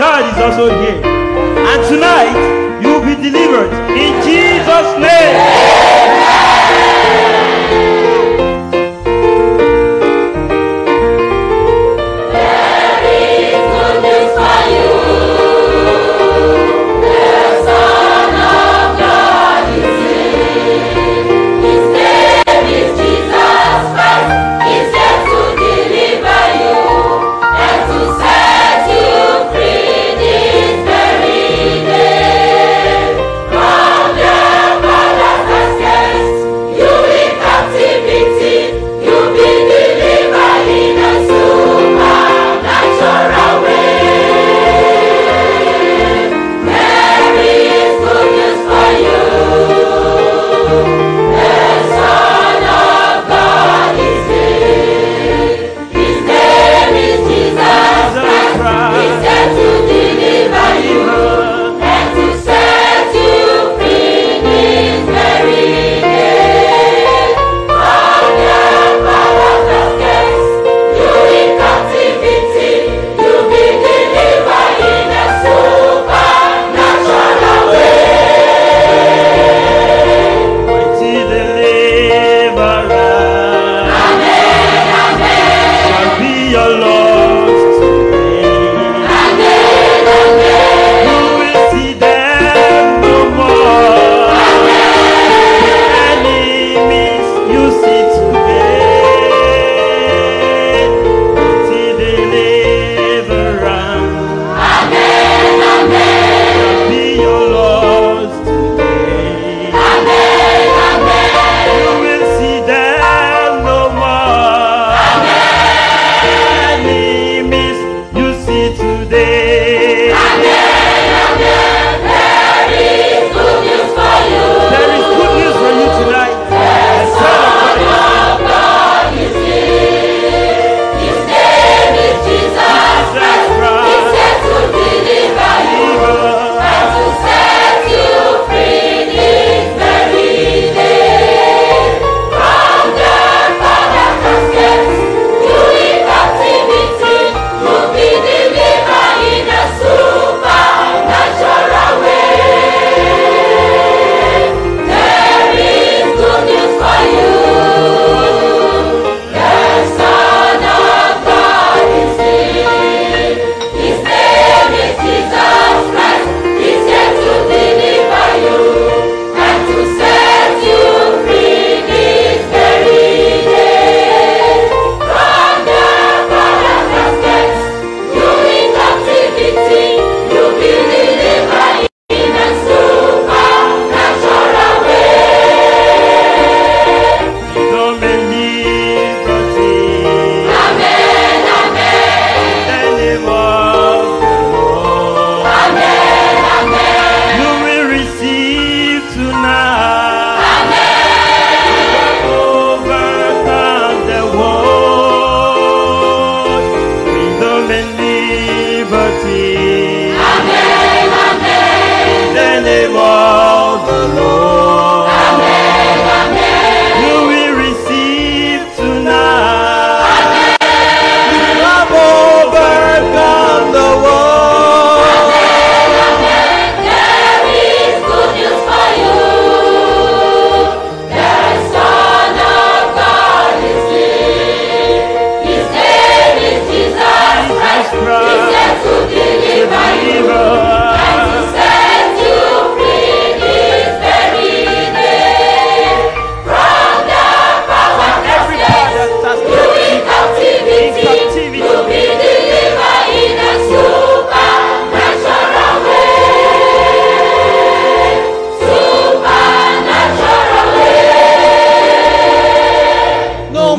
God is also here. And tonight, you will be delivered.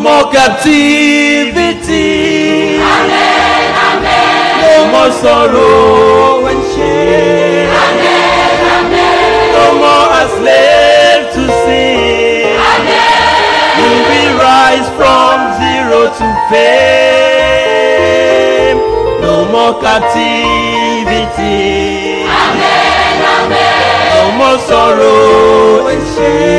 more captivity. Amen, amen. No more sorrow and shame. Amen, amen. No more a slave to sin. Amen. We will rise from zero to fame. No more captivity. Amen, amen. No more sorrow and shame.